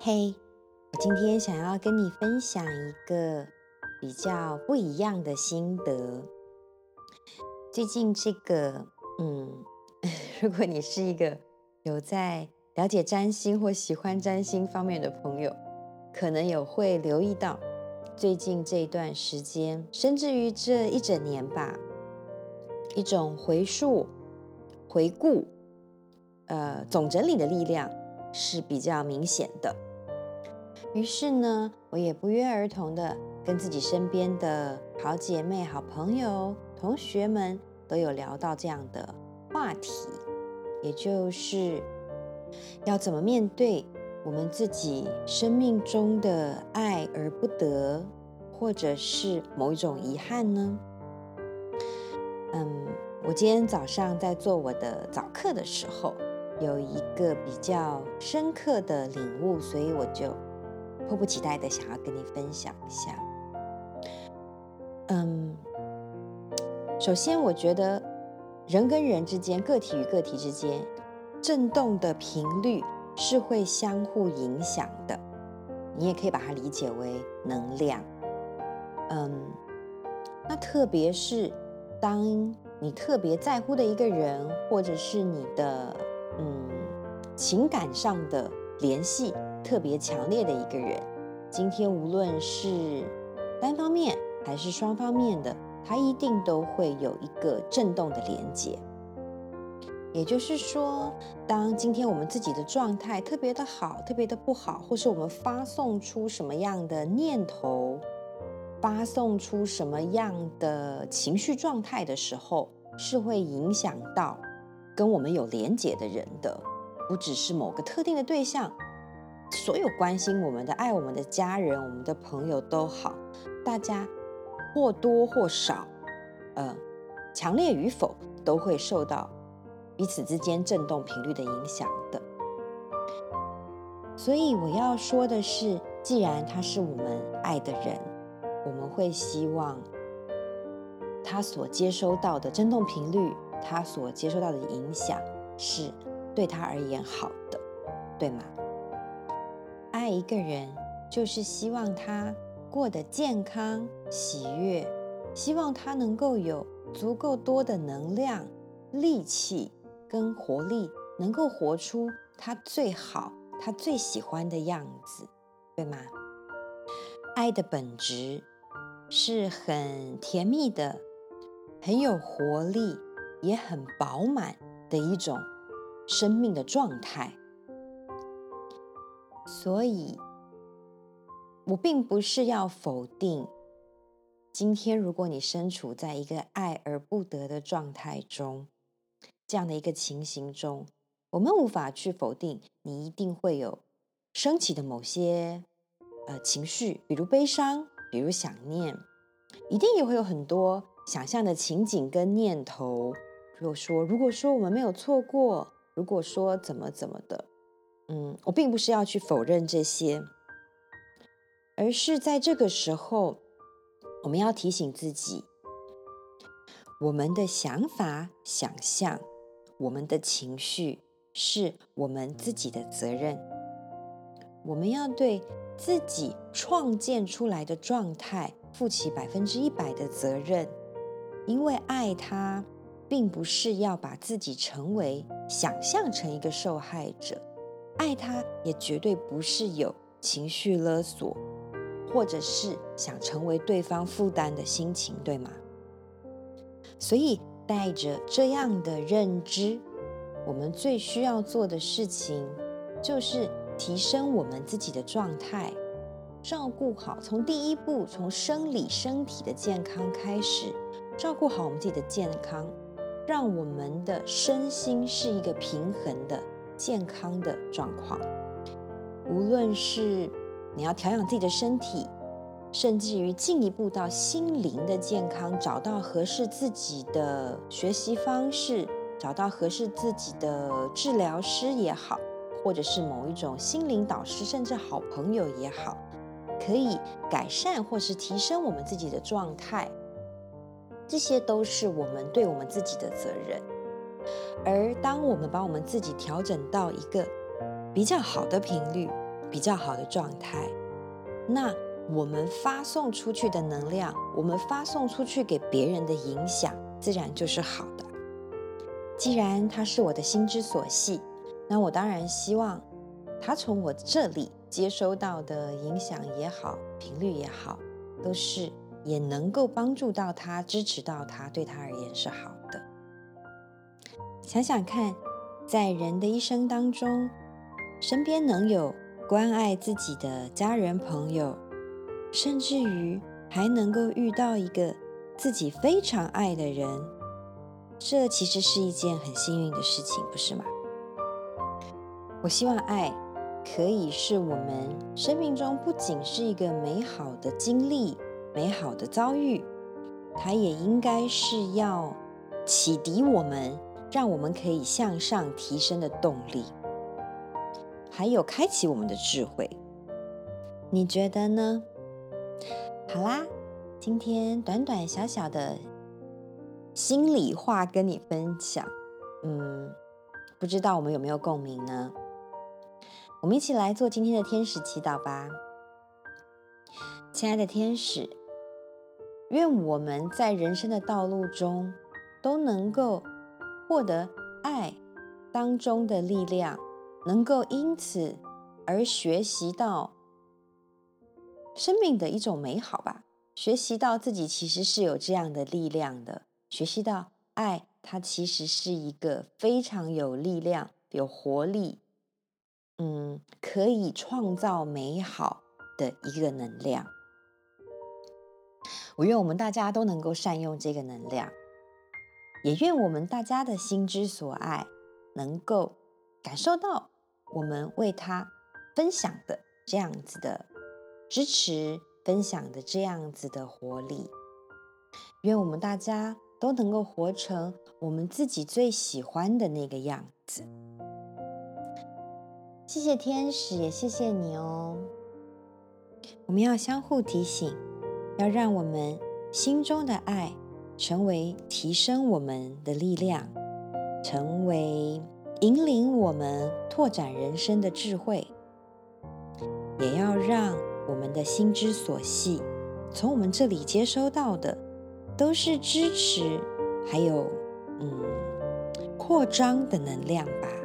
嘿，Hey, 我今天想要跟你分享一個比較不一樣的心得。最近這個，嗯，如果你是一個有在了解占星或喜歡占星方面的朋友，可能有會留意到。最近這一段時間，甚至於這一整年吧，一種回溯、回顧、呃，總整理的力量是比較明顯的。於是呢，我也不約而同的跟自己身邊的好姐妹、好朋友、同學們都有聊到這樣的話題，也就是要怎麼面對。我們自己生命中的愛而不得，或者是某一種遺憾呢？嗯，我今天早上在做我的早課的時候，有一個比較深刻的領悟，所以我就迫不及待的想要跟你分享一下。嗯，首先我覺得人跟人之間，個體與個體之間，震動的頻率。是會相互影響的，你也可以把它理解為能量。嗯，那特別是當你特別在乎的一個人，或者是你的嗯情感上的聯繫特別強烈的一個人，今天無論是單方面還是雙方面的，他一定都會有一個震動的連接。也就是說，當今天我們自己的狀態特別的好，特別的不好，或是我們發送出什麼樣的念頭，發送出什麼樣的情緒狀態的時候，是會影響到跟我們有連結的人的，不只是某個特定的對象，所有關心我們的、愛我們的家人、我們的朋友都好，大家或多或少，呃，強烈與否，都會受到。彼此之間振動頻率的影響的，所以我要說的是，既然他是我們愛的人，我們會希望他所接收到的振動頻率，他所接收到的影響是對他而言好的，對嗎？愛一個人就是希望他過得健康、喜悅，希望他能夠有足夠多的能量、力氣。跟活力能夠活出他最好、他最喜歡的樣子，對嗎？愛的本質是很甜蜜的，很有活力，也很飽滿的一種生命的狀態。所以，我並不是要否定，今天如果你身處在一個愛而不得的狀態中。這樣的一個情形中，我們無法去否定，你一定會有升起的某些呃情緒，比如悲傷，比如想念，一定也會有很多想象的情景跟念頭。如果說，如果說我們沒有錯過，如果說怎麼怎麼的，嗯，我並不是要去否認這些，而是在這個時候，我們要提醒自己，我們的想法、想象。我們的情緒是我們自己的責任，我們要對自己創建出來的狀態負起百分之一百的責任。因為愛他，並不是要把自己成為想象成一個受害者，愛他也絕對不是有情緒勒索，或者是想成為對方負擔的心情，對嗎？所以。帶着這樣的認知，我們最需要做的事情就是提升我們自己的狀態，照顧好，從第一步，從生理身體的健康開始，照顧好我們自己的健康，讓我們的身心是一個平衡的、健康的狀況。無論是你要調養自己的身體。甚至於進一步到心靈的健康，找到合適自己的學習方式，找到合適自己的治療師也好，或者是某一種心靈導師，甚至好朋友也好，可以改善或是提升我們自己的狀態。這些都是我們對我們自己的責任。而當我們把我們自己調整到一個比較好的頻率、比較好的狀態，那，我們發送出去的能量，我們發送出去給別人的影響，自然就是好的。既然他是我的心之所繫，那我當然希望他從我這裡接收到的影響也好，頻率也好，都是也能夠幫助到他，支持到他，對他而言是好的。想想看，在人的一生當中，身邊能有關愛自己的家人朋友。甚至於還能夠遇到一個自己非常愛的人，這其實是一件很幸運的事情，不是嗎？我希望愛可以是我們生命中不僅是一個美好的經歷、美好的遭遇，它也應該是要啟迪我們，讓我們可以向上提升的動力，還有開啟我們的智慧。你覺得呢？好啦，今天短短小小的心裡話跟你分享，嗯，不知道我們有沒有共鳴呢？我們一起來做今天的天使祈禱吧。親愛的天使，願我們在人生的道路中都能夠獲得愛當中的力量，能夠因此而學習到。生命的一種美好吧。學習到自己其實是有這樣的力量的，學習到愛，它其實是一個非常有力量、有活力，嗯，可以創造美好的一個能量。我願我們大家都能夠善用這個能量，也願我們大家的心之所愛能夠感受到我們為他分享的這樣子的。支持分享的這樣子的活力，願我們大家都能夠活成我們自己最喜歡的那個樣子。謝謝天使，也謝謝你哦。我們要相互提醒，要讓我們心中的愛成為提升我們的力量，成為引領我們拓展人生的智慧，也要讓。我們的心之所繫，從我們這裡接收到的，都是支持，還有嗯擴張的能量吧。